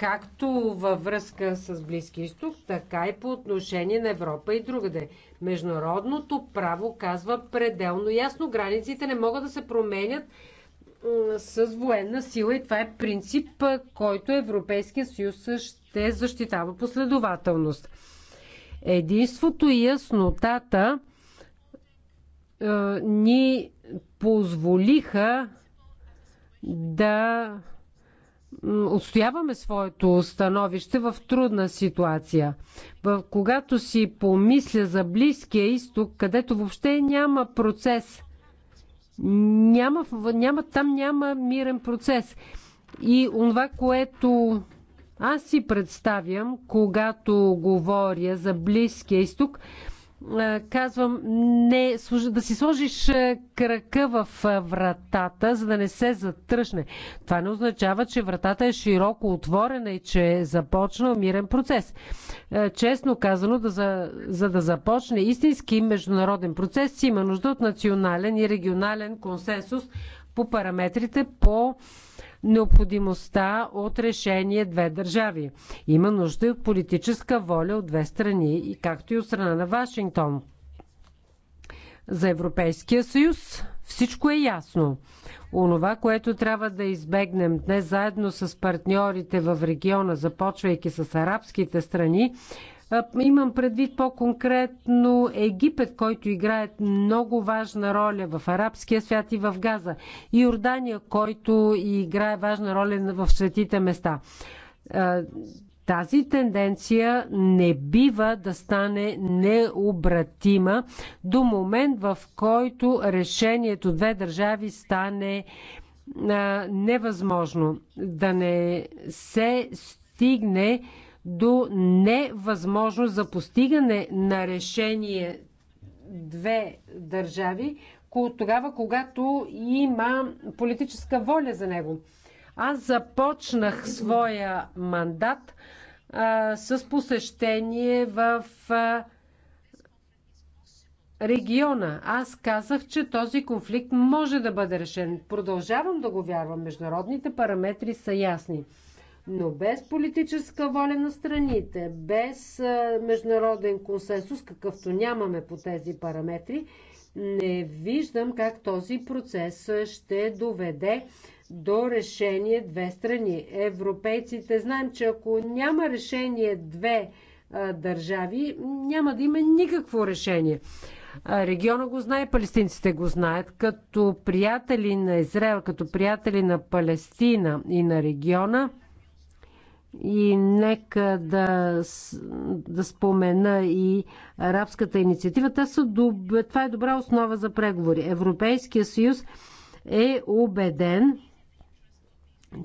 както във връзка с Близки изток, така и по отношение на Европа и другаде. Международното право казва пределно ясно, границите не могат да се променят с военна сила и това е принцип, който Европейския съюз ще защитава последователност. Единството и яснотата е, ни позволиха да отстояваме своето становище в трудна ситуация. В, когато си помисля за Близкия изток, където въобще няма процес, няма, няма, там няма мирен процес. И онова, което аз си представям, когато говоря за Близкия изток, е, казвам, не, да си сложиш е, крака в е, вратата, за да не се затръшне. Това не означава, че вратата е широко отворена и че е започнал мирен процес. Честно казано, да за, за да започне истински международен процес, си има нужда от национален и регионален консенсус по параметрите, по необходимостта от решение две държави. Има нужда от политическа воля от две страни, както и от страна на Вашингтон. За Европейския съюз всичко е ясно. Онова, което трябва да избегнем днес заедно с партньорите в региона, започвайки с арабските страни, Имам предвид по-конкретно Египет, който играе много важна роля в арабския свят и в Газа. И Йордания, който играе важна роля в светите места. Тази тенденция не бива да стане необратима до момент, в който решението две държави стане невъзможно. Да не се стигне до невъзможност за постигане на решение две държави, тогава когато има политическа воля за него. Аз започнах своя мандат а, с посещение в а, региона. Аз казах, че този конфликт може да бъде решен. Продължавам да го вярвам. Международните параметри са ясни. Но без политическа воля на страните, без международен консенсус, какъвто нямаме по тези параметри, не виждам как този процес ще доведе до решение две страни. Европейците знаем, че ако няма решение две държави, няма да има никакво решение. региона го знае, палестинците го знаят. Като приятели на Израел, като приятели на Палестина и на региона, и нека да, да спомена и арабската инициатива. Та са доб... Това е добра основа за преговори. Европейския съюз е убеден,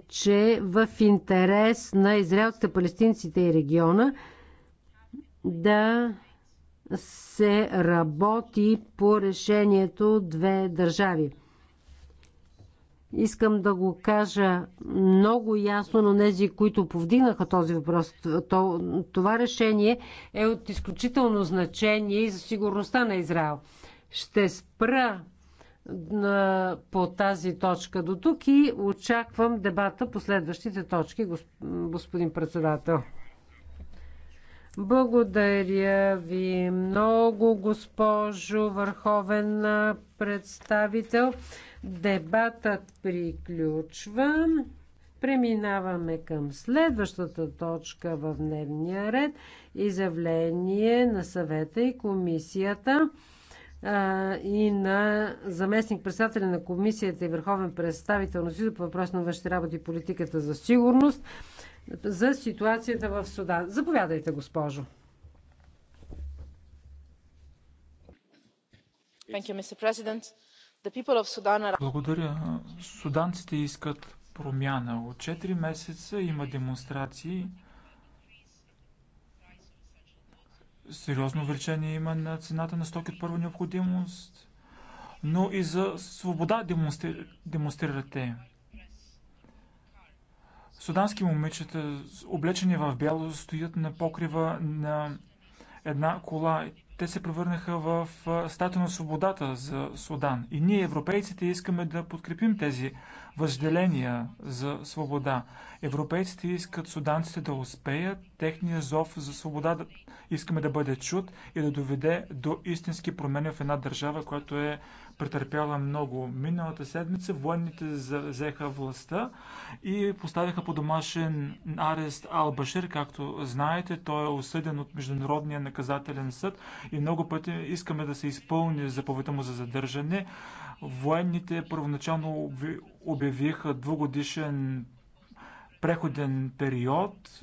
че в интерес на израелците, палестинците и региона да се работи по решението две държави. Искам да го кажа много ясно на тези, които повдигнаха този въпрос. Това решение е от изключително значение и за сигурността на Израел. Ще спра по тази точка до тук и очаквам дебата по следващите точки, господин председател. Благодаря ви много, госпожо Върховен представител. Дебатът приключва. Преминаваме към следващата точка в дневния ред изявление на съвета и комисията и на заместник председателя на комисията и върховен представител на Сизо по въпрос на външните работи и политиката за сигурност за ситуацията в Судан. Заповядайте, госпожо. Благодаря. Суданците искат промяна. От 4 месеца има демонстрации. Сериозно увеличение има на цената на стоки от първа необходимост, но и за свобода демонстрирате. Судански момичета, облечени в бяло, стоят на покрива на една кола. Те се превърнаха в статуя на свободата за Судан. И ние, европейците, искаме да подкрепим тези въжделения за свобода. Европейците искат суданците да успеят, техния зов за свобода искаме да бъде чут и да доведе до истински промени в една държава, която е претърпяла много. Миналата седмица военните взеха властта и поставиха по домашен арест Албашир. Както знаете, той е осъден от Международния наказателен съд и много пъти искаме да се изпълни заповедта му за задържане. Военните първоначално обявиха двугодишен преходен период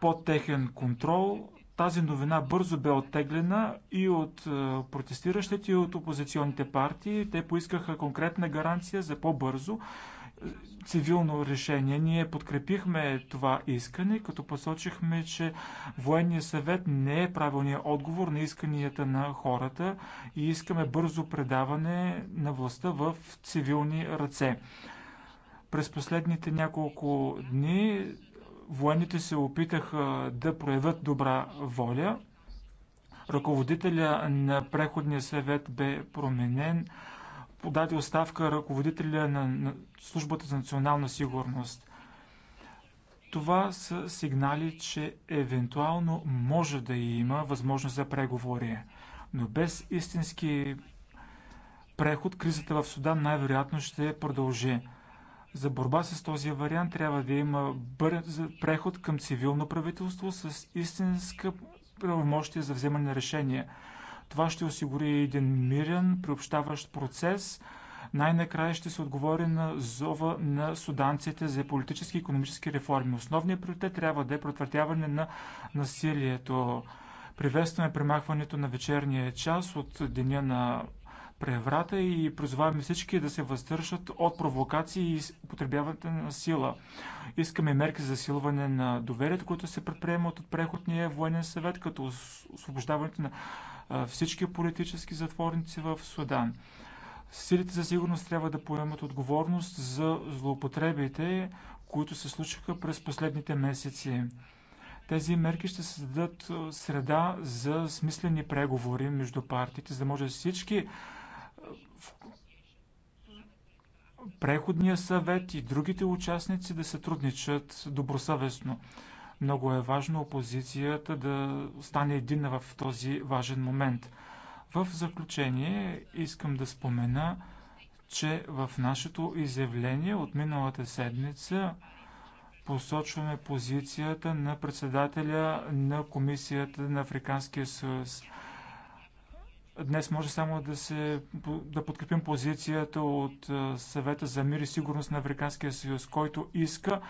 под техен контрол тази новина бързо бе оттеглена и от е, протестиращите, и от опозиционните партии. Те поискаха конкретна гаранция за по-бързо е, цивилно решение. Ние подкрепихме това искане, като посочихме, че военният съвет не е правилният отговор на исканията на хората и искаме бързо предаване на властта в цивилни ръце. През последните няколко дни Военните се опитаха да проявят добра воля. Ръководителя на преходния съвет бе променен. Подаде оставка ръководителя на службата за национална сигурност. Това са сигнали, че евентуално може да има възможност за преговори. Но без истински преход кризата в Судан най-вероятно ще продължи. За борба с този вариант трябва да има бърз преход към цивилно правителство с истинска правомощие за вземане на решения. Това ще осигури един мирен, приобщаващ процес. Най-накрая ще се отговори на зова на суданците за политически и економически реформи. Основният приоритет трябва да е протвърдяване на насилието. Приветстваме премахването на вечерния час от деня на преврата и призоваваме всички да се въздържат от провокации и употребяването на сила. Искаме мерки за засилване на доверието, които се предприемат от Преходния военен съвет, като освобождаването на всички политически затворници в Судан. Силите за сигурност трябва да поемат отговорност за злоупотребите, които се случиха през последните месеци. Тези мерки ще създадат среда за смислени преговори между партиите, за да може всички преходния съвет и другите участници да сътрудничат добросъвестно. Много е важно опозицията да стане единна в този важен момент. В заключение искам да спомена, че в нашето изявление от миналата седмица посочваме позицията на председателя на Комисията на Африканския съюз. Днес може само да, се, да подкрепим позицията от съвета за мир и сигурност на Африканския съюз, който иска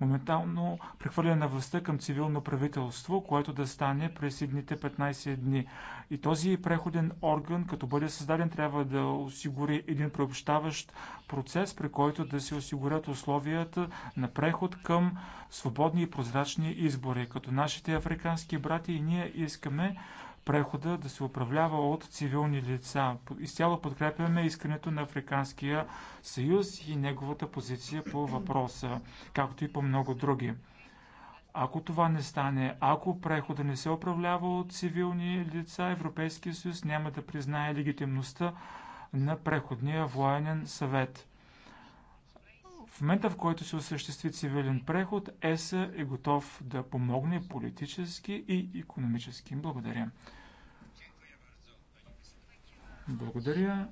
моментално прехвърляне на властта към цивилно правителство, което да стане през едните 15 дни. И този преходен орган, като бъде създаден, трябва да осигури един преобщаващ процес, при който да се осигурят условията на преход към свободни и прозрачни избори. Като нашите африкански брати и ние искаме прехода да се управлява от цивилни лица. Изцяло подкрепяме искането на Африканския съюз и неговата позиция по въпроса, както и по много други. Ако това не стане, ако прехода не се управлява от цивилни лица, Европейския съюз няма да признае легитимността на преходния военен съвет. В момента, в който се осъществи цивилен преход, ЕС е готов да помогне политически и економически. Благодаря. Благодаря.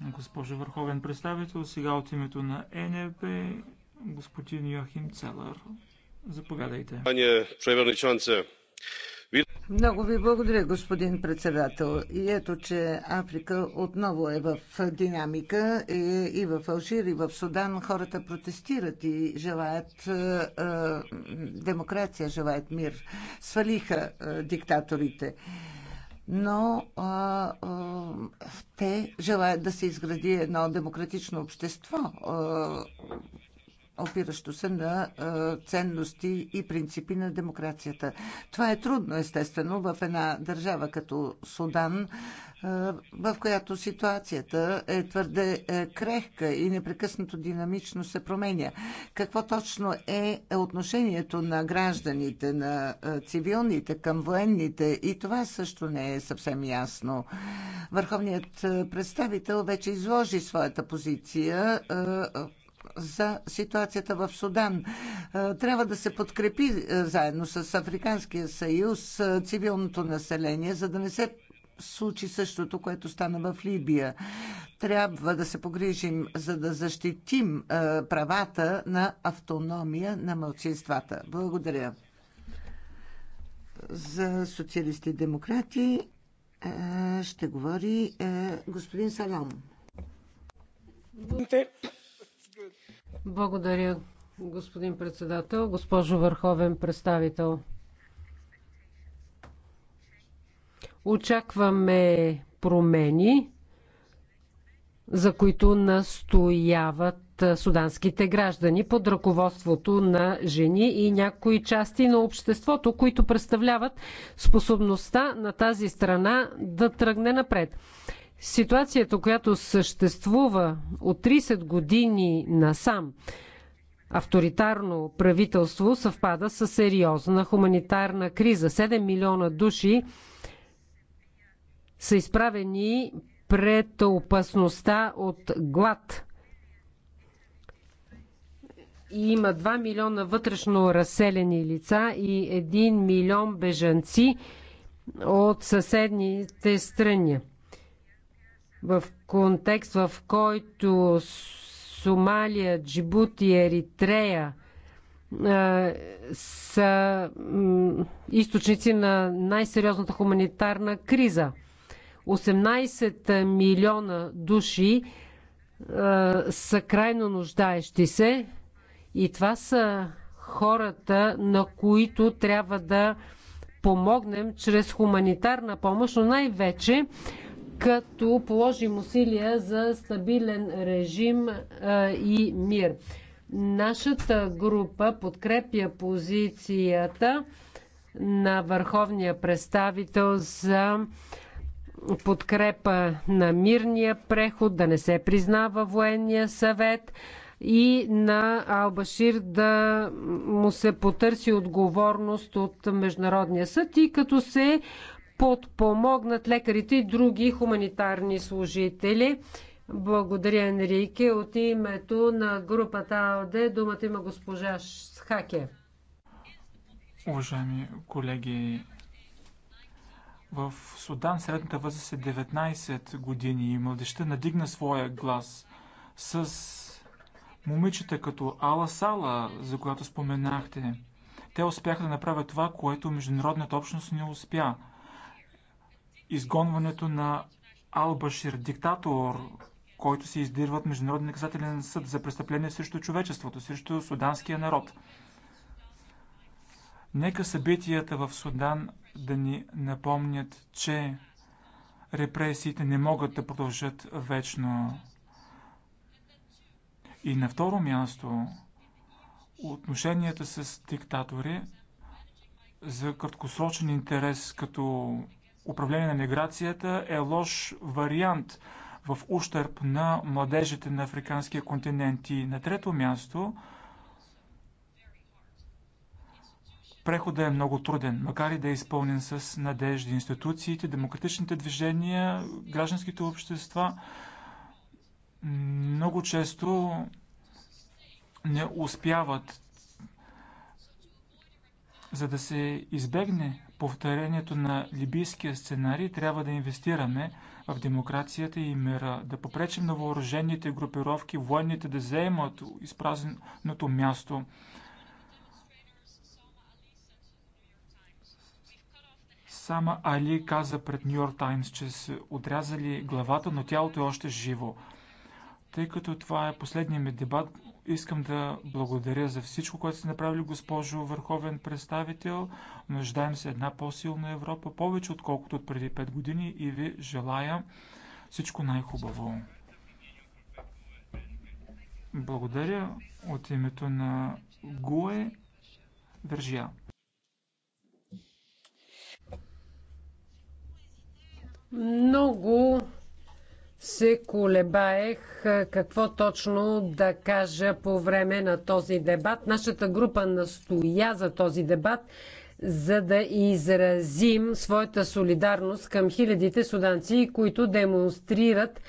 Госпожо Върховен представител, сега от името на ЕНЕП господин Йохим Целър. Заповядайте. Много ви благодаря, господин председател. И ето, че Африка отново е в динамика е, и в Алжир, и в Судан хората протестират и желаят е, е демокрация, желаят мир. Свалиха е, диктаторите но а, е, а, те желаят да се изгради едно демократично общество, опиращо се на ценности и принципи на демокрацията. Това е трудно, естествено, в една държава като Судан, в която ситуацията е твърде е, крехка и непрекъснато динамично се променя. Какво точно е отношението на гражданите, на цивилните към военните и това също не е съвсем ясно. Върховният представител вече изложи своята позиция за ситуацията в Судан. Е, трябва да се подкрепи е, заедно с Африканския съюз е, цивилното население, за да не се случи същото, което стана в Либия. Трябва да се погрижим, за да защитим правата на автономия на мълчинствата. Благодаря. За социалисти и демократи ще говори господин Салам. Благодаря, господин председател. Госпожо Върховен представител. Очакваме промени, за които настояват суданските граждани под ръководството на жени и някои части на обществото, които представляват способността на тази страна да тръгне напред ситуацията, която съществува от 30 години насам, авторитарно правителство съвпада с сериозна хуманитарна криза. 7 милиона души са изправени пред опасността от глад. И има 2 милиона вътрешно разселени лица и 1 милион бежанци от съседните страни в контекст, в който Сомалия, Джибути, Еритрея е, са източници на най-сериозната хуманитарна криза. 18 милиона души е, са крайно нуждаещи се и това са хората, на които трябва да помогнем чрез хуманитарна помощ, но най-вече като положим усилия за стабилен режим и мир. Нашата група подкрепя позицията на върховния представител за подкрепа на мирния преход, да не се признава военния съвет и на Албашир да му се потърси отговорност от Международния съд и като се подпомогнат лекарите и други хуманитарни служители. Благодаря, Енрике. От името на групата АОД думата има госпожа Хаке. Уважаеми колеги, в Судан средната възраст е 19 години и младеща надигна своя глас с момичета като Ала Сала, за която споменахте. Те успяха да направят това, което международната общност не успя – изгонването на Албашир, диктатор, който се издирва от Международен наказателен съд за престъпление срещу човечеството, срещу суданския народ. Нека събитията в Судан да ни напомнят, че репресиите не могат да продължат вечно. И на второ място, отношенията с диктатори за краткосрочен интерес като управление на миграцията е лош вариант в ущърп на младежите на африканския континент. И на трето място, преходът е много труден, макар и да е изпълнен с надежди. Институциите, демократичните движения, гражданските общества много често не успяват. За да се избегне повторението на либийския сценарий трябва да инвестираме в демокрацията и мира, да попречим на въоръжените групировки, военните да заемат изпразненото място. Сама Али каза пред Нью Йорк Таймс, че са отрязали главата, но тялото е още живо. Тъй като това е последният ми дебат, Искам да благодаря за всичко, което сте направили, госпожо Върховен представител. Нуждаем се една по-силна Европа, повече отколкото от преди 5 години и ви желая всичко най-хубаво. Благодаря от името на Гуе Вържия. Много се колебаех какво точно да кажа по време на този дебат. Нашата група настоя за този дебат, за да изразим своята солидарност към хилядите суданци, които демонстрират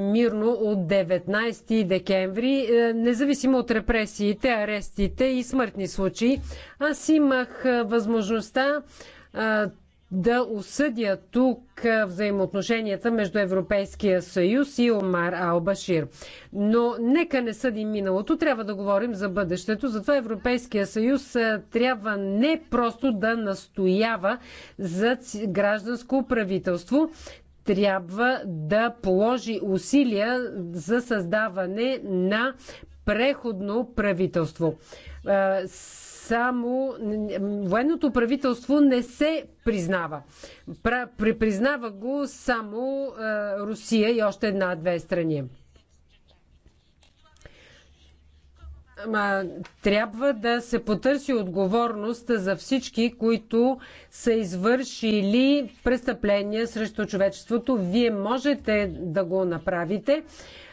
мирно от 19 декември, независимо от репресиите, арестите и смъртни случаи. Аз имах възможността да осъдя тук взаимоотношенията между Европейския съюз и Омар Албашир. Но нека не съдим миналото, трябва да говорим за бъдещето. Затова Европейския съюз трябва не просто да настоява за гражданско правителство, трябва да положи усилия за създаване на преходно правителство само военното правителство не се признава. Признава го само е, Русия и още една-две страни. трябва да се потърси отговорност за всички, които са извършили престъпления срещу човечеството. Вие можете да го направите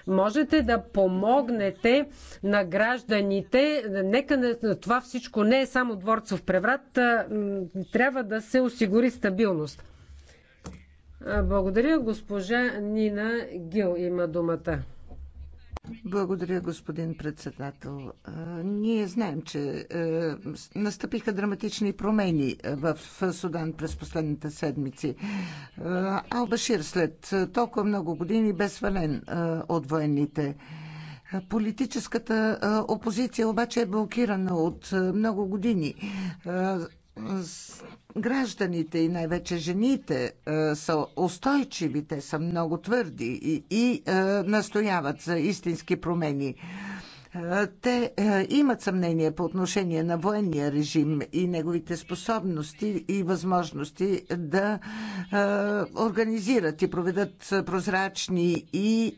можете да помогнете на гражданите. Нека това всичко не е само дворцов преврат. Трябва да се осигури стабилност. Благодаря. Госпожа Нина Гил има думата. Благодаря, господин председател. Ние знаем, че настъпиха драматични промени в Судан през последните седмици. Албашир след толкова много години бе свален от военните. Политическата опозиция обаче е блокирана от много години гражданите и най-вече жените е, са устойчиви, те са много твърди и, и е, настояват за истински промени. Е, те е, имат съмнение по отношение на военния режим и неговите способности и възможности да е, организират и проведат прозрачни и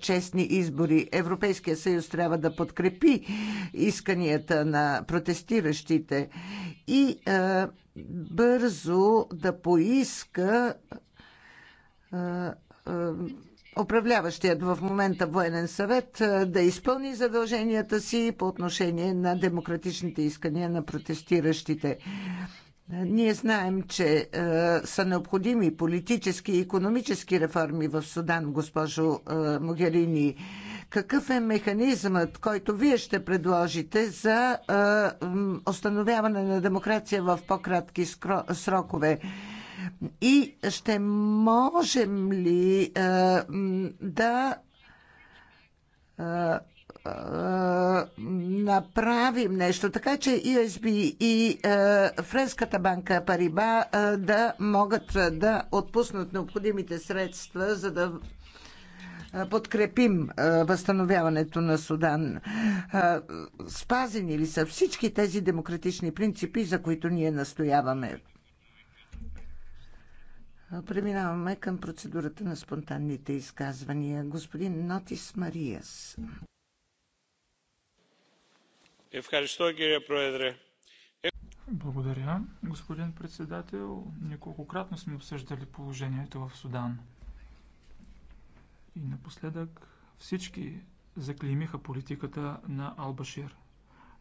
честни избори. Европейския съюз трябва да подкрепи исканията на протестиращите и бързо да поиска управляващият в момента военен съвет да изпълни задълженията си по отношение на демократичните искания на протестиращите. Ние знаем, че е, са необходими политически и економически реформи в Судан, госпожо е, Могерини. Какъв е механизмът, който вие ще предложите за е, установяване на демокрация в по-кратки срокове? и ще можем ли е, да е, е, направим нещо, така че ESB и а, Френската банка Париба а, да могат да отпуснат необходимите средства, за да подкрепим възстановяването на Судан. Спазени ли са всички тези демократични принципи, за които ние настояваме? Преминаваме към процедурата на спонтанните изказвания. Господин Нотис Мариас. Е- Благодаря, господин председател. Неколкократно сме обсъждали положението в Судан. И напоследък всички заклеймиха политиката на Албашир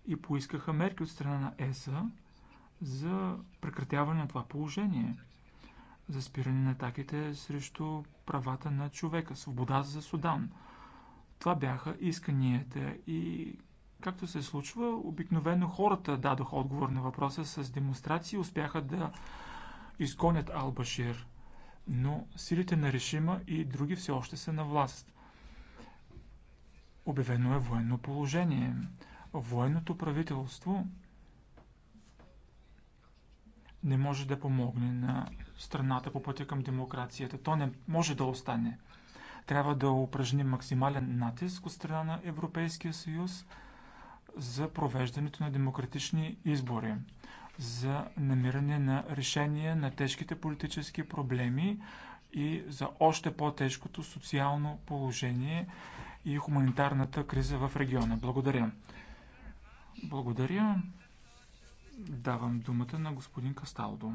и поискаха мерки от страна на ЕСА за прекратяване на това положение за спиране на атаките срещу правата на човека, свобода за Судан. Това бяха исканията и както се случва, обикновено хората дадоха отговор на въпроса с демонстрации и успяха да изгонят Албашир. Но силите на Решима и други все още са на власт. Обявено е военно положение. Военното правителство не може да помогне на страната по пътя към демокрацията. То не може да остане. Трябва да упражним максимален натиск от страна на Европейския съюз за провеждането на демократични избори, за намиране на решение на тежките политически проблеми и за още по-тежкото социално положение и хуманитарната криза в региона. Благодаря. Благодаря. Давам думата на господин Касталдо.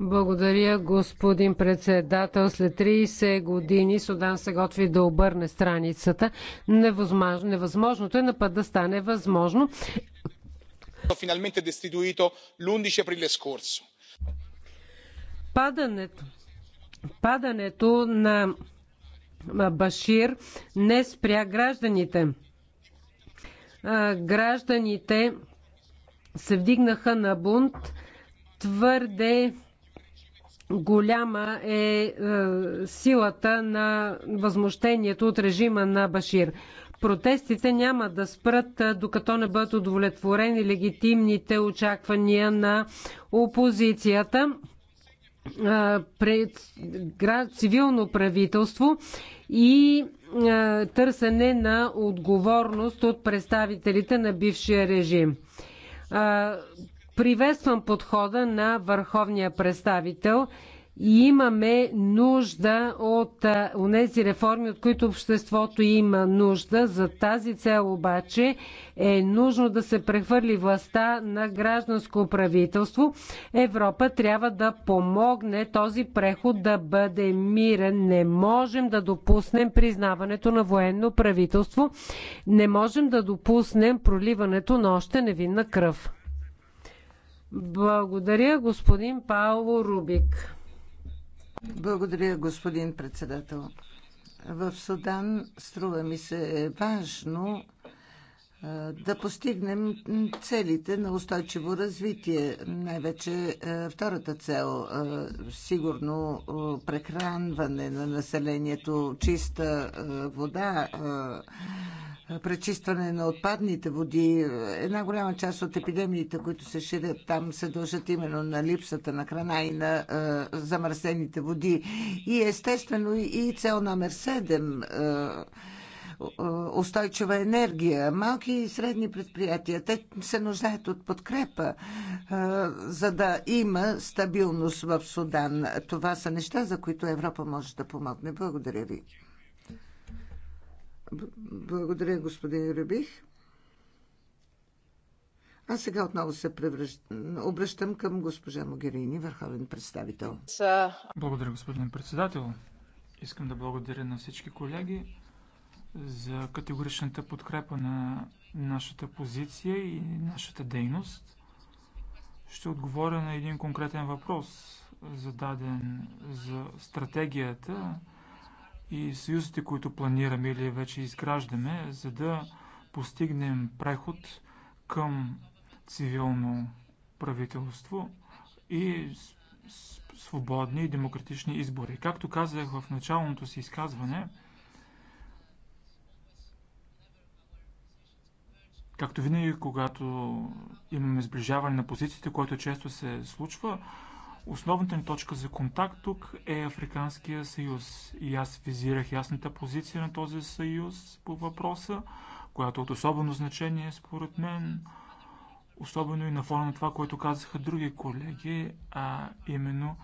Благодаря, господин председател. След 30 години Судан се готви да обърне страницата. Невъзможно, невъзможното е на път да стане възможно. Е е падането, падането на Башир не спря гражданите. Гражданите се вдигнаха на бунт. Твърде голяма е, е, силата на възмущението от режима на Башир. Протестите няма да спрат, е, докато не бъдат удовлетворени легитимните очаквания на опозицията е, пред цивилно правителство и търсене на отговорност от представителите на бившия режим. Приветствам подхода на върховния представител и имаме нужда от тези реформи, от които обществото има нужда. За тази цел обаче е нужно да се прехвърли властта на гражданско правителство. Европа трябва да помогне този преход да бъде мирен. Не можем да допуснем признаването на военно правителство. Не можем да допуснем проливането на още невинна кръв. Благодаря, господин Пауло Рубик. Благодаря, господин председател. В Судан струва ми се е важно да постигнем целите на устойчиво развитие. Най-вече втората цел сигурно прехранване на населението, чиста вода, пречистване на отпадните води. Една голяма част от епидемиите, които се ширят там, се дължат именно на липсата на храна и на е, замърсените води. И естествено и цел номер 7 е, устойчива енергия, малки и средни предприятия. Те се нуждаят от подкрепа, за да има стабилност в Судан. Това са неща, за които Европа може да помогне. Благодаря ви. Благодаря, господин Рюбих. А сега отново се превръщ... обръщам към госпожа Могерини, върховен представител. Благодаря, господин председател. Искам да благодаря на всички колеги за категоричната подкрепа на нашата позиция и нашата дейност. Ще отговоря на един конкретен въпрос, зададен за стратегията и съюзите, които планираме или вече изграждаме, за да постигнем преход към цивилно правителство и свободни и демократични избори. Както казах в началното си изказване, както винаги, когато имаме сближаване на позициите, което често се случва, Основната ни точка за контакт тук е Африканския съюз и аз визирах ясната позиция на този съюз по въпроса, която е от особено значение според мен, особено и на фона на това, което казаха други колеги, а именно,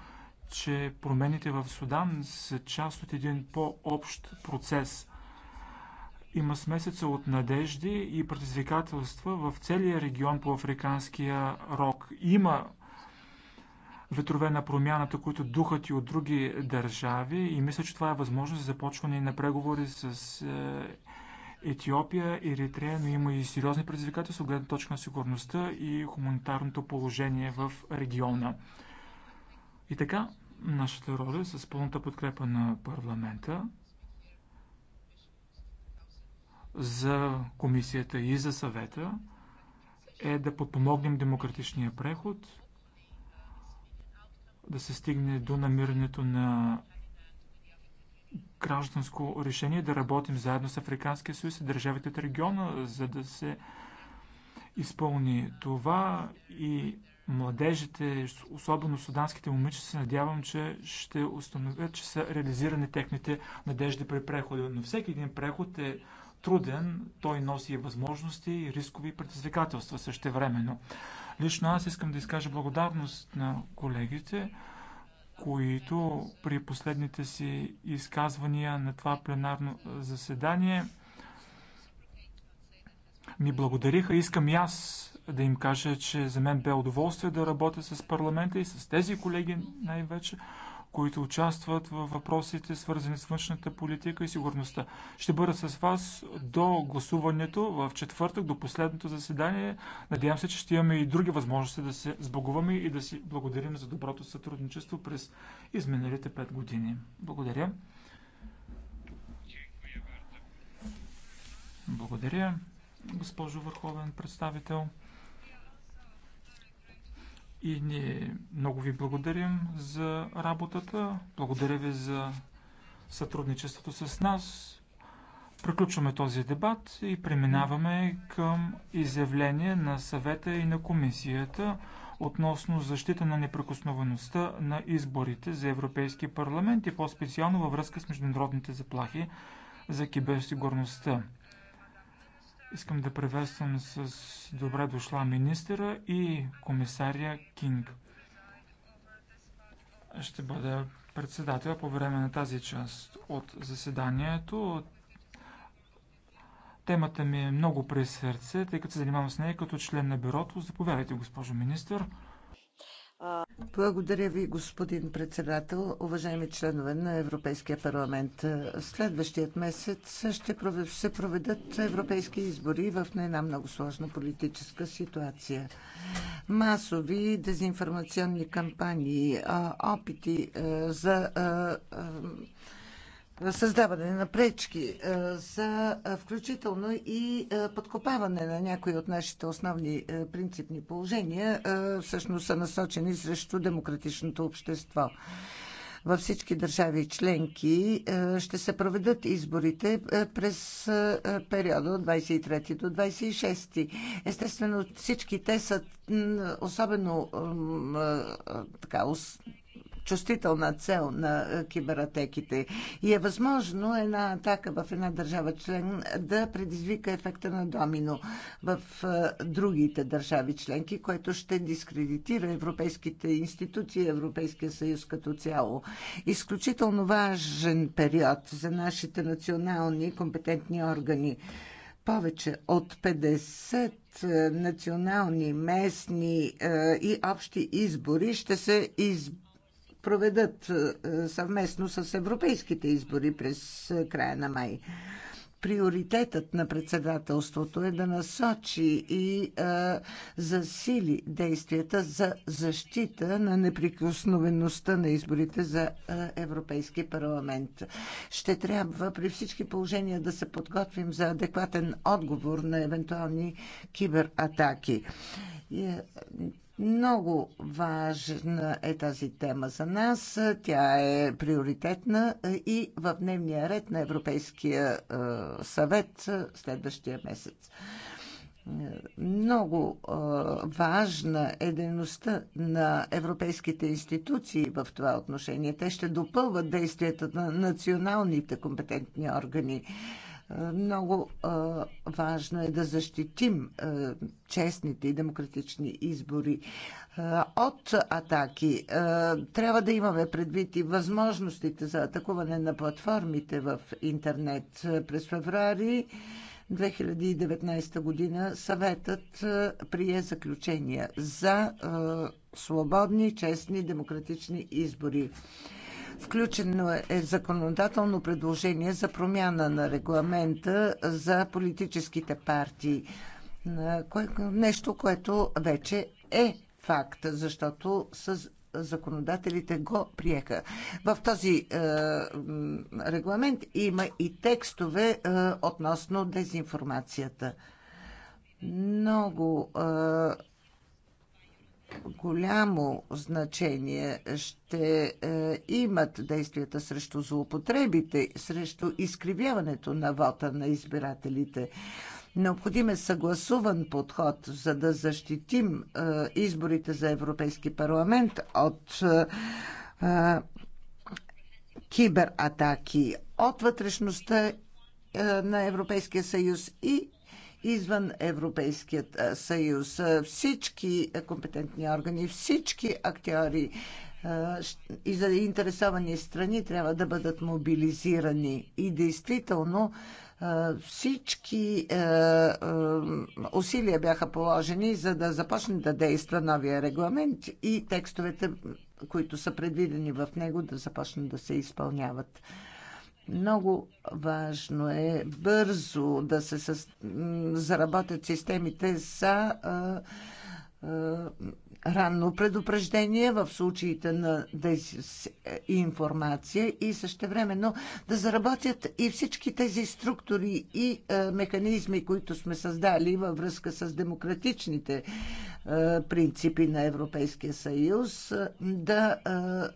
че промените в Судан са част от един по-общ процес. Има смесеца от надежди и предизвикателства в целия регион по Африканския рок. Има ветрове на промяната, които духат и от други държави и мисля, че това е възможност за започване на преговори с е, Етиопия, Еритрея, но има и сериозни предизвикателства гледна точка на сигурността и хуманитарното положение в региона. И така, нашата роля е с пълната подкрепа на парламента за комисията и за съвета е да подпомогнем демократичния преход – да се стигне до намирането на гражданско решение, да работим заедно с Африканския съюз и държавите от региона, за да се изпълни това и младежите, особено суданските момичета, се надявам, че ще установят, че са реализирани техните надежди при прехода. Но всеки един преход е труден, той носи и възможности, рискови предизвикателства също времено. Лично аз искам да изкажа благодарност на колегите, които при последните си изказвания на това пленарно заседание ми благодариха. Искам и аз да им кажа, че за мен бе удоволствие да работя с парламента и с тези колеги най-вече, които участват във въпросите, свързани с външната политика и сигурността. Ще бъда с вас до гласуването в четвъртък, до последното заседание. Надявам се, че ще имаме и други възможности да се сбогуваме и да си благодарим за доброто сътрудничество през изминалите пет години. Благодаря. Благодаря, госпожо Върховен представител. И ние много ви благодарим за работата. Благодаря ви за сътрудничеството с нас. Приключваме този дебат и преминаваме към изявление на съвета и на комисията относно защита на неприкосновеността на изборите за Европейски парламент и по-специално във връзка с международните заплахи за киберсигурността. Искам да приветствам с добре дошла министъра и комисария Кинг. Ще бъда председател по време на тази част от заседанието. Темата ми е много при сърце, тъй като се занимавам с нея като член на бюрото. Заповядайте, госпожо министър. Благодаря ви, господин председател, уважаеми членове на Европейския парламент. Следващият месец ще се проведат европейски избори в една много сложна политическа ситуация. Масови дезинформационни кампании, опити за създаване на пречки за е, е, включително и е, подкопаване на някои от нашите основни принципни положения, всъщност са насочени срещу демократичното общество във всички държави членки ще се проведат изборите през периода от 23 до 26. Естествено, всички те са особено така, чувствителна цел на е, кибератеките. И е възможно една атака в една държава член да предизвика ефекта на домино в е, другите държави членки, което ще дискредитира европейските институции, Европейския съюз като цяло. Изключително важен период за нашите национални компетентни органи повече от 50 е, национални, местни и общи избори ще се из проведат е, съвместно с европейските избори през е, края на май. Приоритетът на председателството е да насочи и а, е, засили действията за защита на неприкосновеността на изборите за а, Европейски парламент. Ще трябва при всички положения да се подготвим за адекватен отговор на евентуални кибератаки. Много важна е тази тема за нас. Тя е приоритетна е, и в дневния ред на Европейския е, съвет е, следващия месец. Много важна е дейността на европейските институции в това отношение. Те ще допълват действията на националните компетентни органи много важно е да защитим честните и демократични избори от атаки. Трябва да имаме предвид и възможностите за атакуване на платформите в интернет. През феврари 2019 година съветът прие заключения за свободни, честни, демократични избори. Включено е законодателно предложение за промяна на регламента за политическите партии. Нещо, което вече е факт, защото с законодателите го приеха. В този е, регламент има и текстове е, относно дезинформацията. Много е, голямо значение ще е, имат действията срещу злоупотребите, срещу изкривяването на вота на избирателите. Необходим е съгласуван подход, за да защитим е, изборите за Европейски парламент от е, е, кибератаки, от вътрешността е, на Европейския съюз и извън Европейският съюз. Всички компетентни органи, всички актьори и заинтересовани страни трябва да бъдат мобилизирани и действително всички усилия бяха положени, за да започне да действа новия регламент и текстовете, които са предвидени в него, да започнат да се изпълняват. Много важно е бързо да се със... заработят системите за а, а, ранно предупреждение в случаите на дезинформация и същевременно да заработят и всички тези структури и а, механизми, които сме създали във връзка с демократичните а, принципи на Европейския съюз, да а,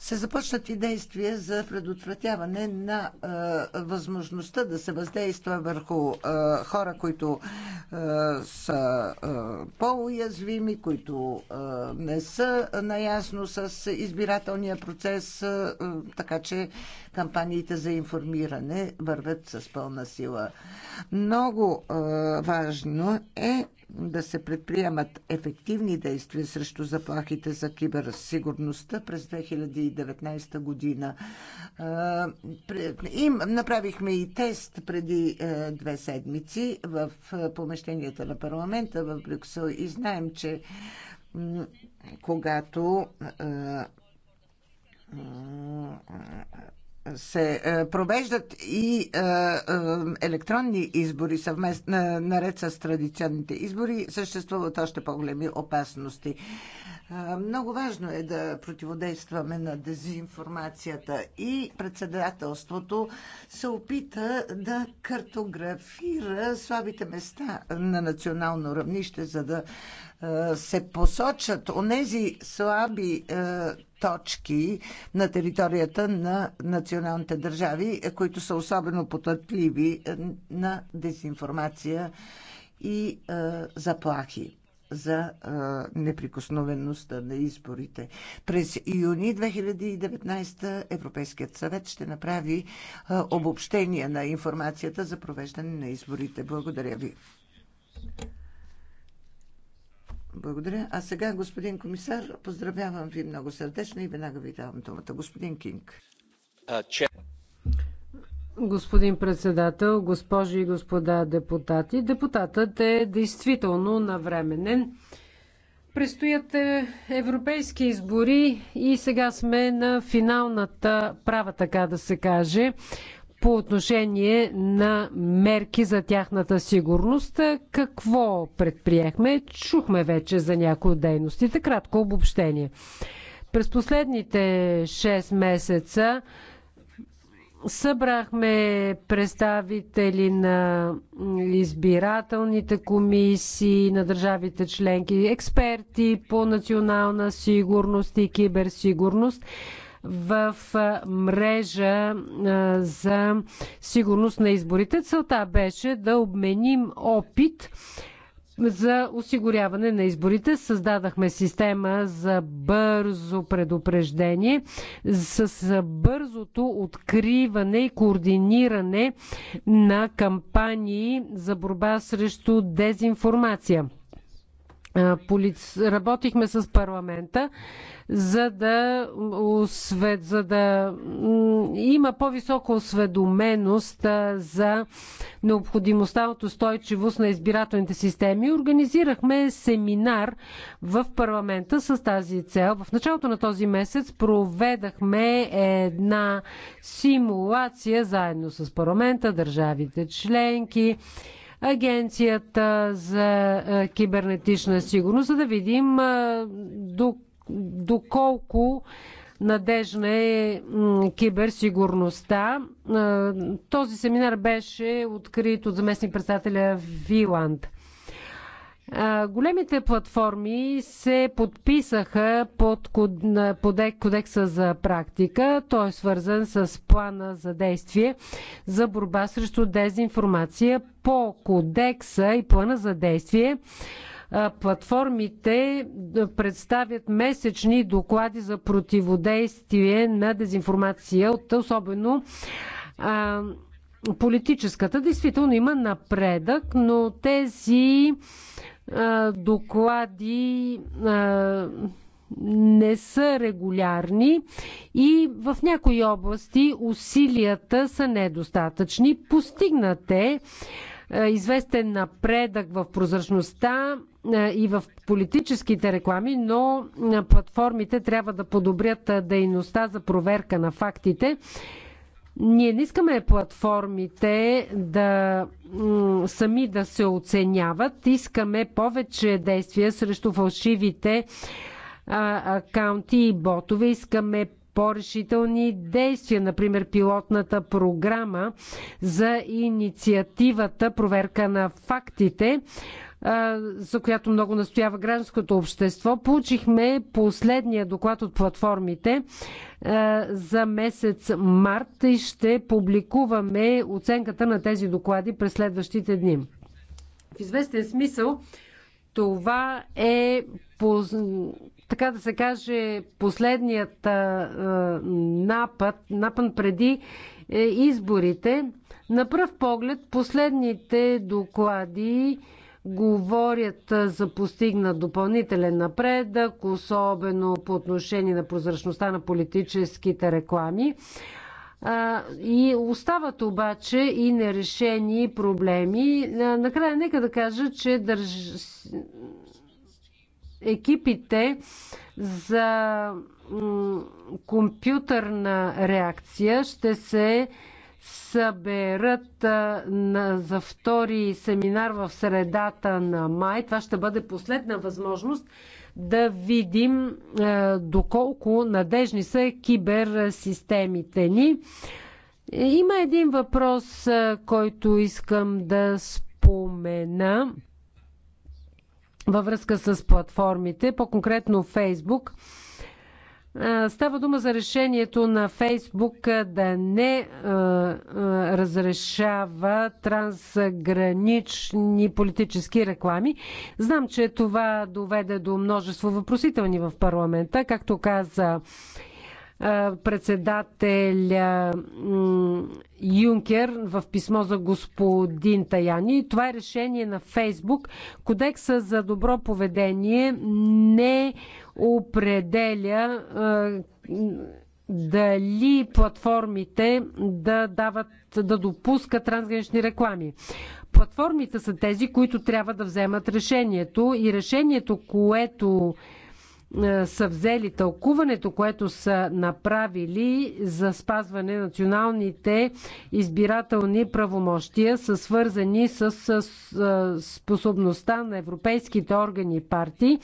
се започнат и действия за предотвратяване на а, възможността да се въздейства върху а, хора, които а, са по-уязвими, които а, не са наясно с избирателния процес, а, така че кампаниите за информиране вървят с пълна сила. Много а, важно е да се предприемат ефективни действия срещу заплахите за киберсигурността през 2019 година. Им направихме и тест преди две седмици в помещенията на парламента в Брюксел и знаем, че когато се е, провеждат и е, е, електронни избори съвместно, наред с традиционните избори, съществуват още по-големи опасности. Много важно е да противодействаме на дезинформацията и председателството се опита да картографира слабите места на национално равнище, за да се посочат онези слаби е, точки на територията на националните държави, които са особено потътливи е, на дезинформация и е, заплахи за неприкосновеността на изборите. През юни 2019 Европейският съвет ще направи обобщение на информацията за провеждане на изборите. Благодаря ви. Благодаря. А сега, господин комисар, поздравявам ви много сърдечно и веднага ви давам думата. Господин Кинг. Господин председател, госпожи и господа депутати, депутатът е действително навременен. Престоят е, европейски избори и сега сме на финалната права, така да се каже, по отношение на мерки за тяхната сигурност. Какво предприехме? Чухме вече за някои от дейностите. Кратко обобщение. През последните 6 месеца събрахме представители на избирателните комисии на държавите членки, експерти по национална сигурност и киберсигурност в мрежа за сигурност на изборите. Целта беше да обменим опит за осигуряване на изборите. Създадахме система за бързо предупреждение, с бързото откриване и координиране на кампании за борба срещу дезинформация. Работихме с парламента, за да, освет, за да има по-висока осведоменост за необходимостта от устойчивост на избирателните системи. Организирахме семинар в парламента с тази цел. В началото на този месец проведахме една симулация заедно с парламента, държавите членки Агенцията за е, кибернетична сигурност, за да видим е, доколко надежна е киберсигурността. Е, този семинар беше открит от заместник председателя Виланд. Големите платформи се подписаха под кодекса за практика. Той е свързан с плана за действие за борба срещу дезинформация. По кодекса и плана за действие платформите представят месечни доклади за противодействие на дезинформация от особено политическата. Действително има напредък, но тези доклади не са регулярни и в някои области усилията са недостатъчни. Постигнате известен напредък в прозрачността и в политическите реклами, но платформите трябва да подобрят дейността за проверка на фактите ние не искаме платформите да сами да се оценяват. Искаме повече действия срещу фалшивите акаунти и ботове. Искаме по-решителни действия, например пилотната програма за инициативата проверка на фактите, за която много настоява гражданското общество. Получихме последния доклад от платформите е, за месец март и ще публикуваме оценката на тези доклади през следващите дни. В известен смисъл това е така да се каже, последният а, е, напад, напън преди е, изборите. На пръв поглед, последните доклади говорят за постигнат допълнителен напредък, особено по отношение на прозрачността на политическите реклами. И остават обаче и нерешени проблеми. Накрая нека да кажа, че държ... екипите за компютърна реакция ще се съберат на, за втори семинар в средата на май. Това ще бъде последна възможност да видим е, доколко надежни са киберсистемите ни. Има един въпрос, който искам да спомена във връзка с платформите, по-конкретно Фейсбук. Facebook Става дума за решението на Фейсбук да не разрешава трансгранични политически реклами. Знам, че това доведе до множество въпросителни в парламента. Както каза председателя Юнкер в писмо за господин Таяни. Това е решение на Фейсбук. Кодекса за добро поведение не определя дали платформите да дават, да допускат трансгранични реклами. Платформите са тези, които трябва да вземат решението и решението, което е, са взели тълкуването, което са направили за спазване на националните избирателни правомощия, са свързани с способността на европейските органи и партии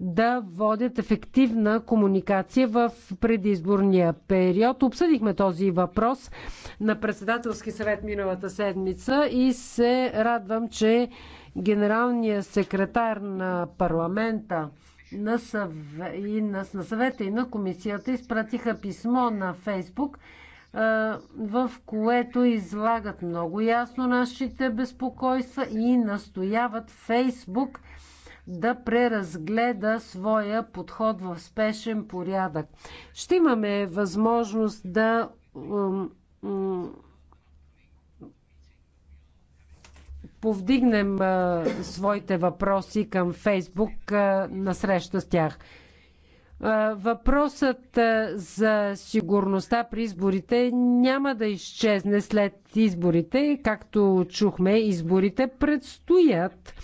да водят ефективна комуникация в предизборния период. Обсъдихме този въпрос на председателски съвет миналата седмица и се радвам, че генералният секретар на парламента на, съв... и на... на съвета и на комисията изпратиха писмо на Фейсбук, в което излагат много ясно нашите безпокойства и настояват Фейсбук да преразгледа своя подход в спешен порядък. Ще имаме възможност да повдигнем а, своите въпроси към Фейсбук а, на среща с тях. въпросът за сигурността при изборите няма да изчезне след изборите. Както чухме, изборите предстоят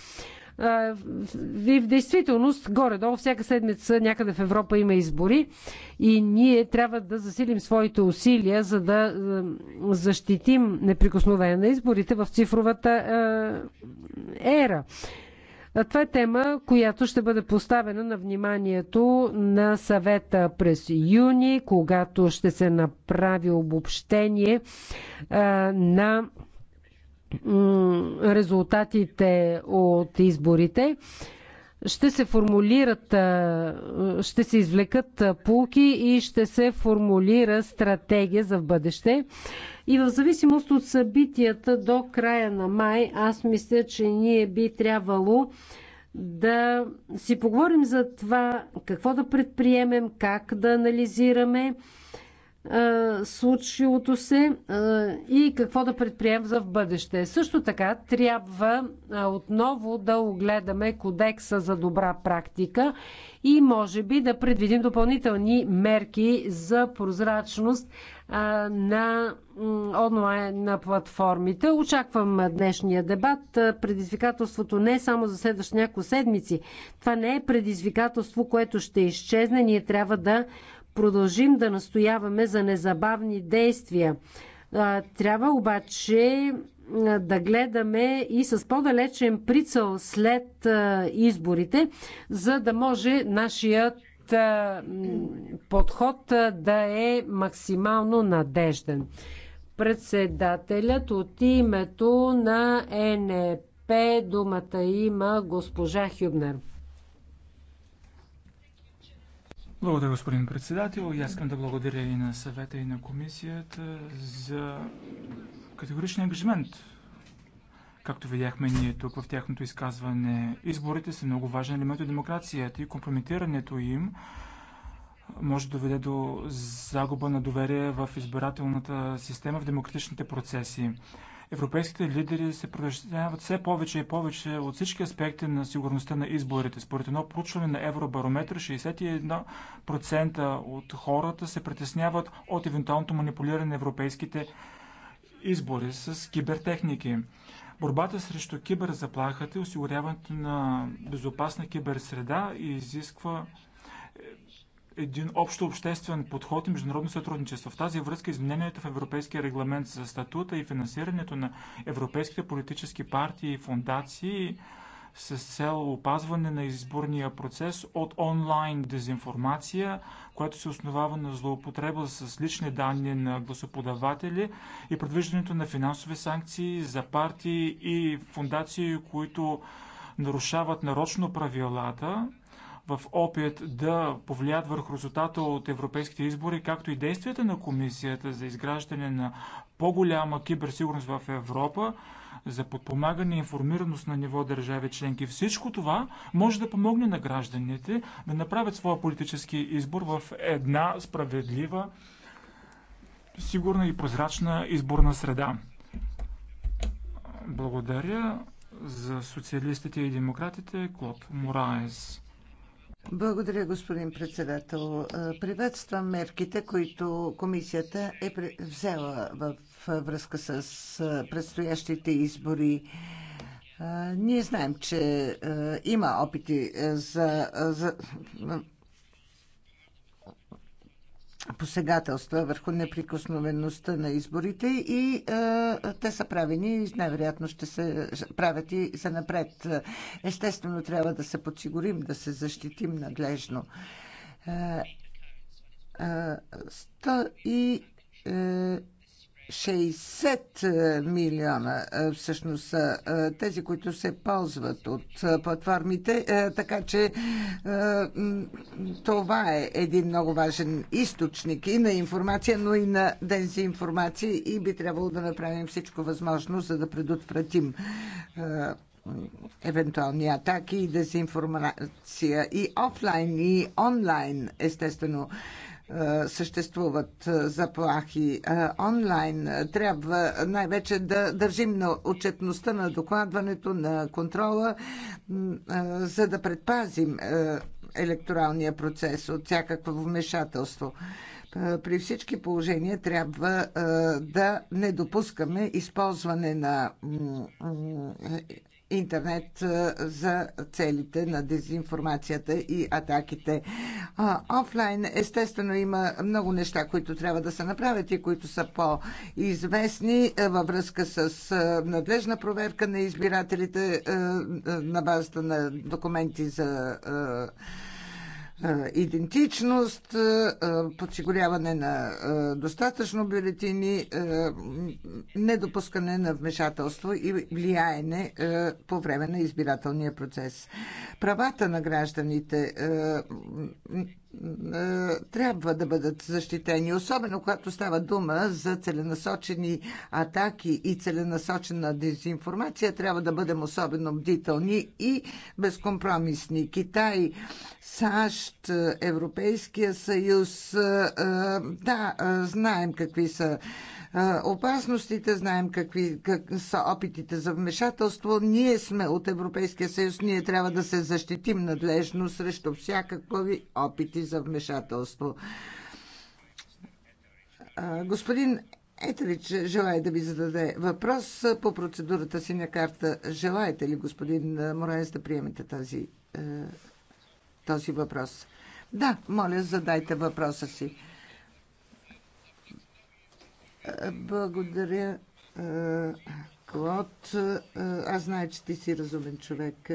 и в действителност, горе-долу, всяка седмица някъде в Европа има избори и ние трябва да засилим своите усилия, за да защитим неприкосновение на изборите в цифровата ера. Това е тема, която ще бъде поставена на вниманието на съвета през юни, когато ще се направи обобщение на резултатите от изборите, ще се формулират, ще се извлекат полки и ще се формулира стратегия за в бъдеще. И в зависимост от събитията до края на май, аз мисля, че ние би трябвало да си поговорим за това какво да предприемем, как да анализираме случилото се и какво да предприем за в бъдеще. Също така трябва отново да огледаме кодекса за добра практика и може би да предвидим допълнителни мерки за прозрачност на онлайн платформите. Очаквам днешния дебат. Предизвикателството не е само за следващи няколко седмици. Това не е предизвикателство, което ще изчезне. Ние трябва да продължим да настояваме за незабавни действия. Трябва обаче да гледаме и с по-далечен прицел след изборите, за да може нашият подход да е максимално надежден. Председателят от името на НП думата има госпожа Хюбнер. Благодаря, господин председател. И аз искам да благодаря и на съвета и на комисията за категоричен ангажимент. Както видяхме ние тук в тяхното изказване, изборите са много важен елемент от демокрацията и компрометирането им може да доведе до загуба на доверие в избирателната система, в демократичните процеси. Европейските лидери се притесняват все повече и повече от всички аспекти на сигурността на изборите. Според едно проучване на Евробарометър, 61% от хората се притесняват от евентуалното манипулиране на европейските избори с кибертехники. Борбата срещу киберзаплахата и осигуряването на безопасна киберсреда изисква един общо обществен подход и международно сътрудничество. В тази връзка изменението в Европейския регламент за статута и финансирането на европейските политически партии и фундации с цел опазване на изборния процес от онлайн дезинформация, която се основава на злоупотреба с лични данни на гласоподаватели и предвиждането на финансови санкции за партии и фундации, които нарушават нарочно правилата в опит да повлият върху резултата от европейските избори, както и действията на комисията за изграждане на по-голяма киберсигурност в Европа, за подпомагане и информираност на ниво държави членки. Всичко това може да помогне на гражданите да направят своя политически избор в една справедлива, сигурна и прозрачна изборна среда. Благодаря за социалистите и демократите Клод Мораес. Благодаря, господин председател. Приветствам мерките, които комисията е взела в връзка с предстоящите избори. Ние знаем, че има опити за, за посегателства върху неприкосновеността на изборите и е, те са правени и най-вероятно ще се правят и за напред. Естествено, трябва да се подсигурим, да се защитим надлежно. Е, е, и е, 60 е, милиона е, всъщност са е, тези, които се ползват от платформите, така че това е един много важен източник и на информация, но и на дезинформация и би трябвало да направим всичко възможно, за да предотвратим евентуални атаки и дезинформация и офлайн, и онлайн, естествено съществуват заплахи онлайн. Трябва най-вече да държим на отчетността на докладването, на контрола, за да предпазим електоралния процес от всякакво вмешателство. При всички положения трябва да не допускаме използване на интернет за целите на дезинформацията и атаките. Офлайн, естествено, има много неща, които трябва да се направят и които са по-известни във връзка с надлежна проверка на избирателите на базата на документи за идентичност, подсигуряване на достатъчно бюлетини, недопускане на вмешателство и влияене по време на избирателния процес. Правата на гражданите е, трябва да бъдат защитени, особено когато става дума за целенасочени атаки и целенасочена дезинформация, трябва да бъдем особено бдителни и безкомпромисни. Китай, САЩ, Европейския съюз, е, е, да, знаем какви са опасностите, знаем какви как са опитите за вмешателство. Ние сме от Европейския съюз, ние трябва да се защитим надлежно срещу всякакви опити за вмешателство. Господин Етерич желая да ви зададе въпрос по процедурата си на карта. Желаете ли, господин Мораес, да приемете тази, е, този въпрос? Да, моля, задайте въпроса си. Благодаря, е, Клод. Е, аз знае, че ти си разумен човек.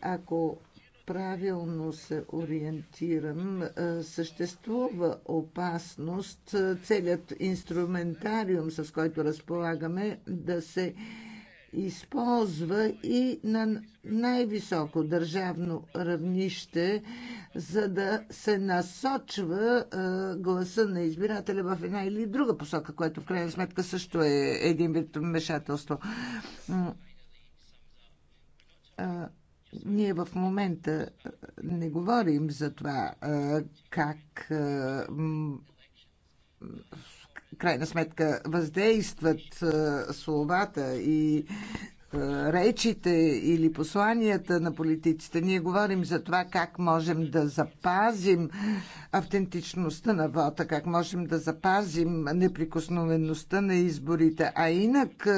Ако правилно се ориентирам, е, съществува опасност целият инструментариум, с който разполагаме, да се използва и на най-високо държавно равнище, за да се насочва гласа на избирателя в една или друга посока, което в крайна сметка също е един вид вмешателство. Ние в момента не говорим за това как крайна сметка въздействат е, словата и речите или посланията на политиците. Ние говорим за това как можем да запазим автентичността на вота, как можем да запазим неприкосновеността на изборите. А инак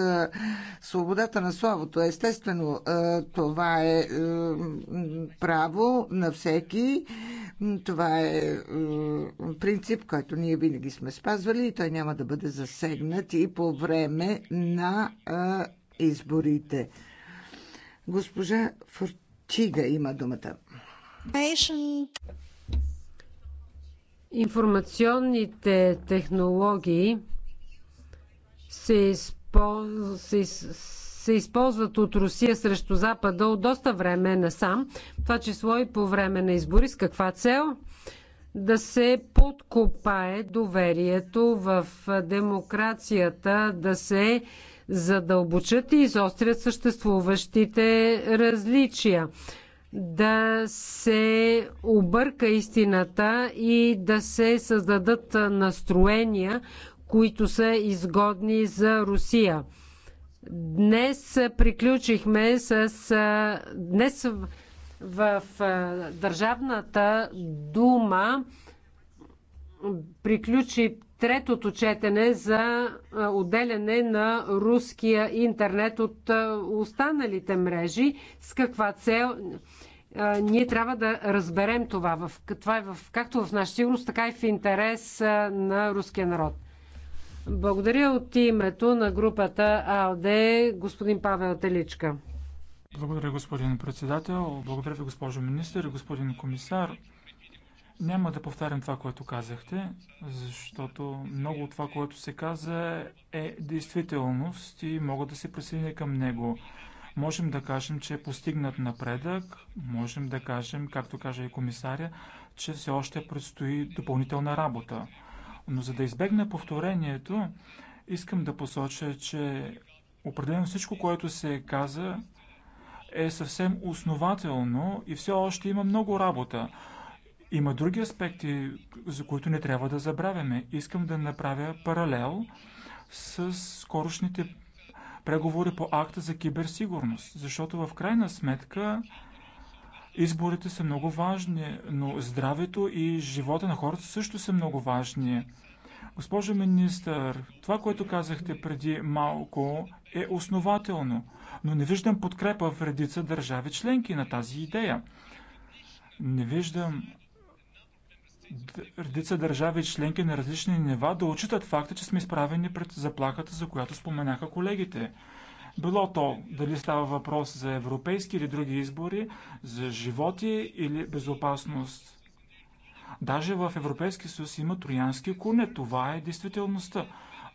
свободата на словото, естествено, това е право на всеки. Това е принцип, който ние винаги сме спазвали и той няма да бъде засегнат и по време на изборите. Госпожа Форчига има думата. Информационните технологии се, използ... се, се използват от Русия срещу Запада от доста време насам, това число и по време на избори. С каква цел? Да се подкопае доверието в демокрацията, да се задълбочат и изострят съществуващите различия, да се обърка истината и да се създадат настроения, които са изгодни за Русия. Днес приключихме с. Днес в Държавната дума приключи третото четене за отделяне на руския интернет от останалите мрежи. С каква цел? Ние трябва да разберем това, това е в, както в наша сигурност, така и в интерес на руския народ. Благодаря от името на групата АОД, господин Павел Теличка. Благодаря, господин председател. Благодаря ви, госпожо министър, господин комисар. Няма да повтарям това, което казахте, защото много от това, което се каза е действителност и мога да се присъединя към него. Можем да кажем, че е постигнат напредък, можем да кажем, както каже и комисаря, че все още предстои допълнителна работа. Но за да избегна повторението, искам да посоча, че определено всичко, което се каза, е съвсем основателно и все още има много работа. Има други аспекти, за които не трябва да забравяме. Искам да направя паралел с скорошните преговори по акта за киберсигурност, защото в крайна сметка изборите са много важни, но здравето и живота на хората също са много важни. Госпожо министър, това, което казахте преди малко е основателно, но не виждам подкрепа в редица държави членки на тази идея. Не виждам редица държави членки на различни нива да отчитат факта, че сме изправени пред заплахата, за която споменаха колегите. Било то дали става въпрос за европейски или други избори, за животи или безопасност. Даже в Европейски съюз има троянски коне. Това е действителността.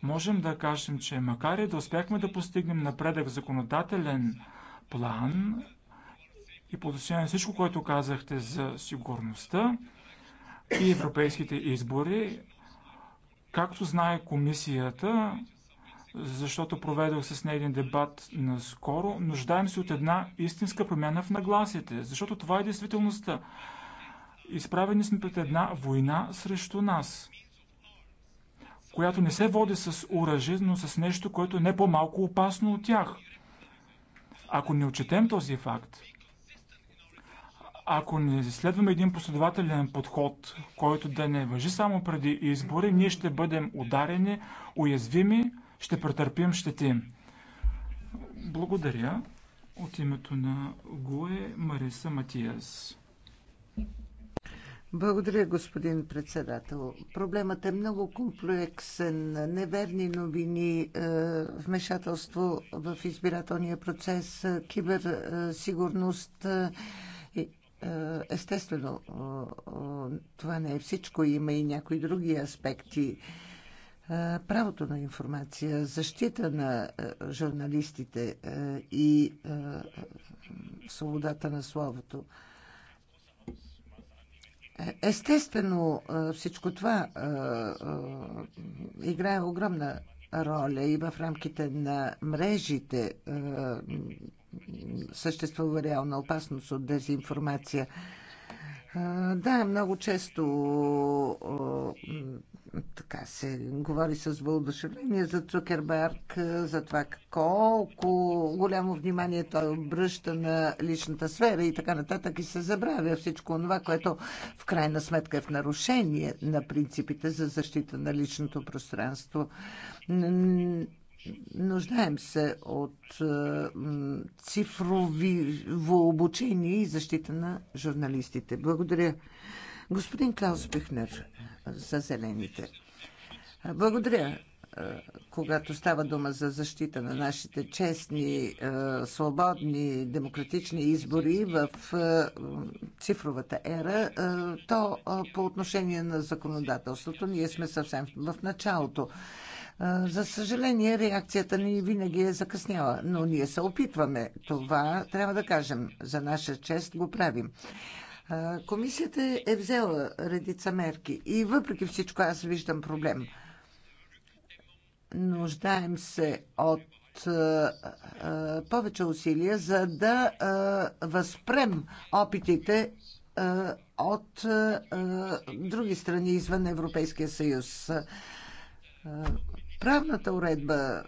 Можем да кажем, че макар и да успяхме да постигнем напредък в законодателен план и по отношение на всичко, което казахте за сигурността, и европейските избори. Както знае комисията, защото проведох с нея един дебат наскоро, нуждаем се от една истинска промяна в нагласите, защото това е действителността. Изправени сме пред една война срещу нас, която не се води с оръжие, но с нещо, което е не по-малко опасно от тях. Ако не отчетем този факт, ако не следваме един последователен подход, който да не въжи само преди избори, ние ще бъдем ударени, уязвими, ще претърпим щети. Благодаря. От името на ГУЕ Мариса Матиас. Благодаря, господин председател. Проблемът е много комплексен. Неверни новини, е, вмешателство в избирателния процес, е, киберсигурност, е, е, естествено, е, е, това не е всичко. Има и някои други аспекти. Правото на информация, защита на журналистите и свободата на словото. Естествено, всичко това играе огромна роля и в рамките на мрежите съществува реална опасност от дезинформация. Да, много често така се говори с вълдушевление за Цукерберг, за това колко голямо внимание той обръща на личната сфера и така нататък и се забравя всичко това, което в крайна сметка е в нарушение на принципите за защита на личното пространство Нуждаем се от е, цифровиво обучение и защита на журналистите. Благодаря. Господин Клаус Бихнер за зелените. Благодаря. Е, когато става дума за защита на нашите честни, е, свободни, демократични избори в цифровата ера, то по отношение на законодателството ние сме съвсем в началото. За съжаление, реакцията ни винаги е закъсняла, но ние се опитваме. Това трябва да кажем. За наша чест го правим. Комисията е взела редица мерки и въпреки всичко аз виждам проблем. Нуждаем се от повече усилия, за да възпрем опитите от други страни извън Европейския съюз. Правната уредба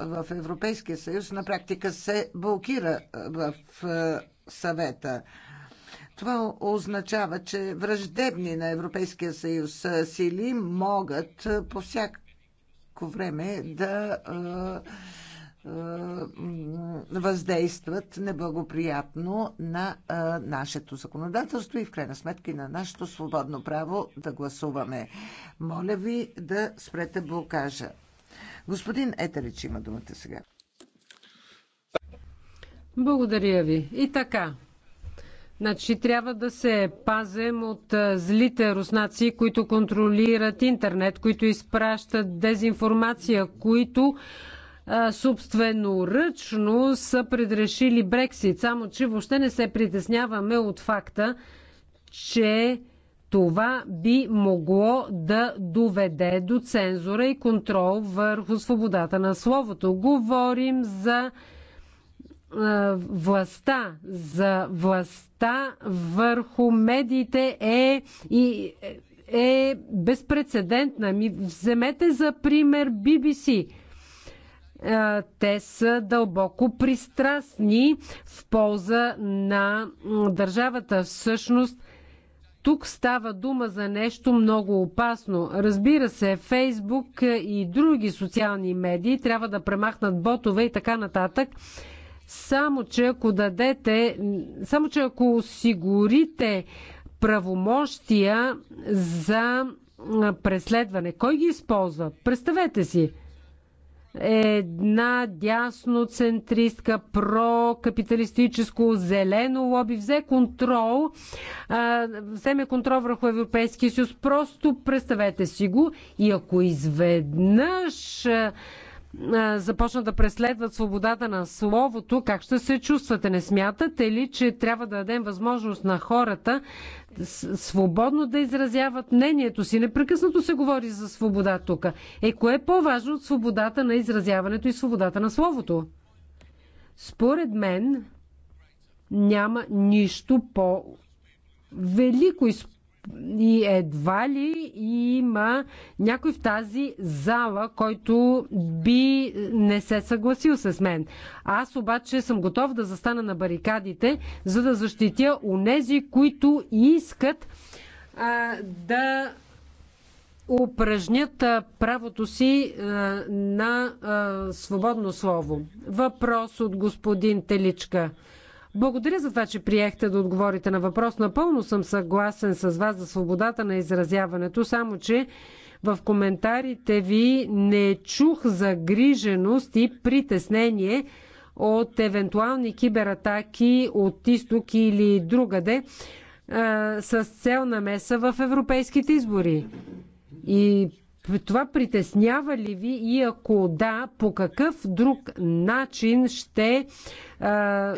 в Европейския съюз на практика се блокира в съвета. Това означава, че враждебни на Европейския съюз сили могат по всяко време да въздействат неблагоприятно на нашето законодателство и в крайна сметка и на нашето свободно право да гласуваме. Моля ви да спрете блокажа. Господин Етерич има думата сега. Благодаря ви. И така. Значи трябва да се пазем от злите руснаци, които контролират интернет, които изпращат дезинформация, които собственоръчно са предрешили Брексит. Само, че въобще не се притесняваме от факта, че това би могло да доведе до цензура и контрол върху свободата на словото. Говорим за властта, за властта върху медиите е, и, е безпредседентна. Ми вземете за пример BBC. Те са дълбоко пристрастни в полза на държавата. Всъщност, тук става дума за нещо много опасно. Разбира се, Фейсбук и други социални медии трябва да премахнат ботове и така нататък. Само, че ако дадете, само, че ако осигурите правомощия за преследване, кой ги използва? Представете си, една дясноцентристка, прокапиталистическо, зелено лоби взе контрол, вземе контрол върху Европейския съюз. Просто представете си го и ако изведнъж започнат да преследват свободата на словото, как ще се чувствате? Не смятате ли, че трябва да дадем възможност на хората свободно да изразяват мнението си? Непрекъснато се говори за свобода тук. Е, кое е по-важно от свободата на изразяването и свободата на словото? Според мен няма нищо по-велико и и едва ли има някой в тази зала, който би не се съгласил с мен. Аз обаче съм готов да застана на барикадите, за да защитя онези, които искат а, да упражнят правото си на свободно слово. Въпрос от господин Теличка. Благодаря за това, че приехте да отговорите на въпрос. Напълно съм съгласен с вас за свободата на изразяването, само че в коментарите ви не чух загриженост и притеснение от евентуални кибератаки от изток или другаде с цел намеса в европейските избори. И това притеснява ли ви и ако да, по какъв друг начин ще а,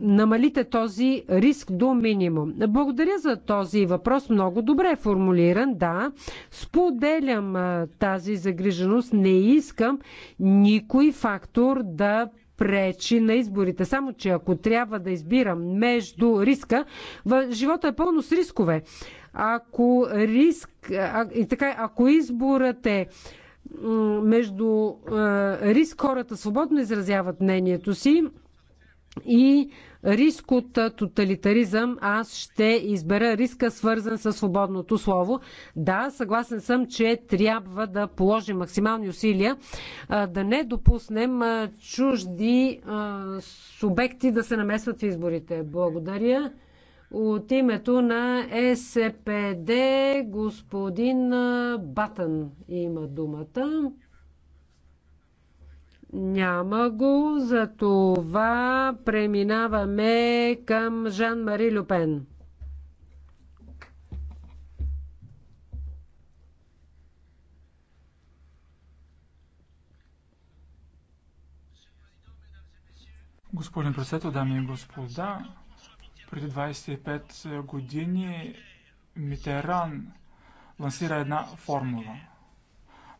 намалите този риск до минимум? Благодаря за този въпрос. Много добре е формулиран, да. Споделям а, тази загриженост. Не искам никой фактор да пречи на изборите. Само, че ако трябва да избирам между риска, живота е пълно с рискове. Ако риск, а, и така, ако изборът е между риск хората свободно изразяват мнението си и риск от тоталитаризъм, аз ще избера риска свързан с свободното слово. Да, съгласен съм, че трябва да положим максимални усилия да не допуснем чужди субекти да се намесват в изборите. Благодаря. От името на СПД господин Батън има думата. Няма го, за това преминаваме към Жан-Мари Люпен. Господин председател, дами и господа, преди 25 години Митеран лансира една формула.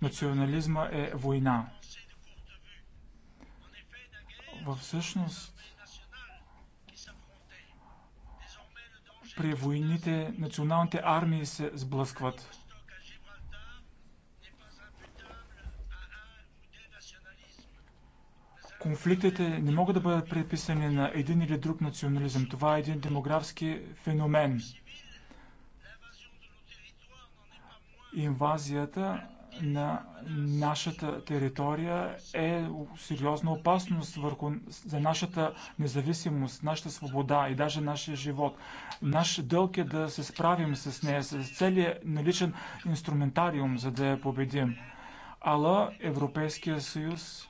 Национализма е война. Във всъщност, при войните националните армии се сблъскват. Конфликтите не могат да бъдат приписани на един или друг национализъм. Това е един демографски феномен. Инвазията на нашата територия е сериозна опасност върху, за нашата независимост, нашата свобода и даже нашия живот. Наш дълг е да се справим с нея, с целият наличен инструментариум, за да я победим. Ала Европейския съюз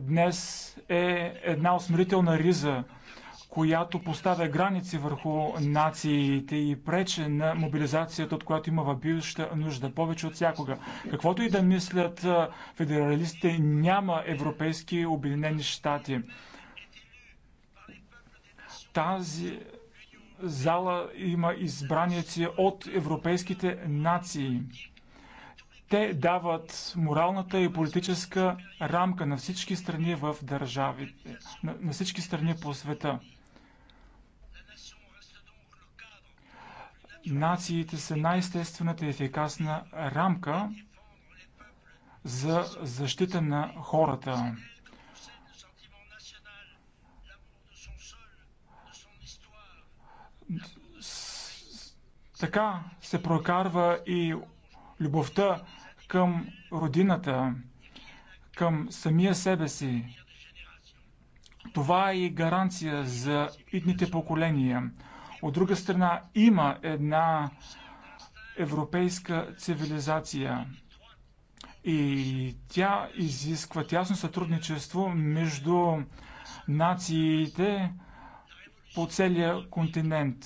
днес е една осмирителна риза, която поставя граници върху нациите и прече на мобилизацията, от която има въбиваща нужда повече от всякога. Каквото и да мислят федералистите, няма европейски обединени щати. Тази зала има избраници от европейските нации. Те дават моралната и политическа рамка на всички страни в държавите, на, на всички страни по света. Нациите са най-естествената и ефикасна рамка за защита на хората. Така се прокарва и любовта към родината, към самия себе си. Това е и гаранция за идните поколения. От друга страна, има една европейска цивилизация и тя изисква тясно сътрудничество между нациите по целия континент.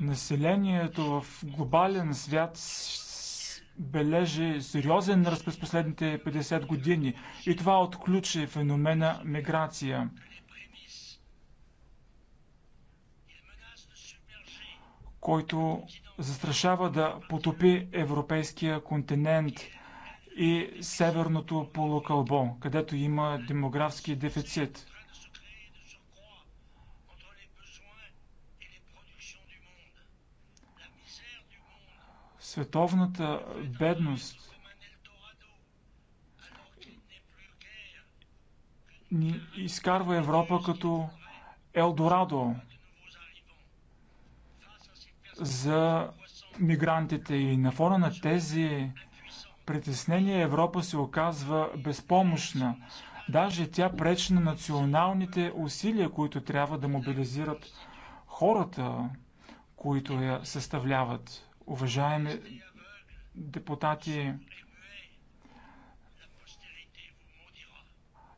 Населението в глобален свят бележи сериозен ръст през последните 50 години и това отключи феномена миграция. който застрашава да потопи европейския континент и северното полукълбо, където има демографски дефицит. световната бедност ни изкарва Европа като Елдорадо за мигрантите и на фона на тези притеснения Европа се оказва безпомощна. Даже тя пречи на националните усилия, които трябва да мобилизират хората, които я съставляват. Уважаеми депутати,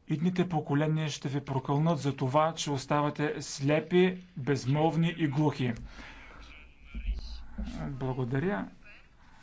идните поколения ще ви прокълнат за това, че оставате слепи, безмолвни и глухи. Благодаря.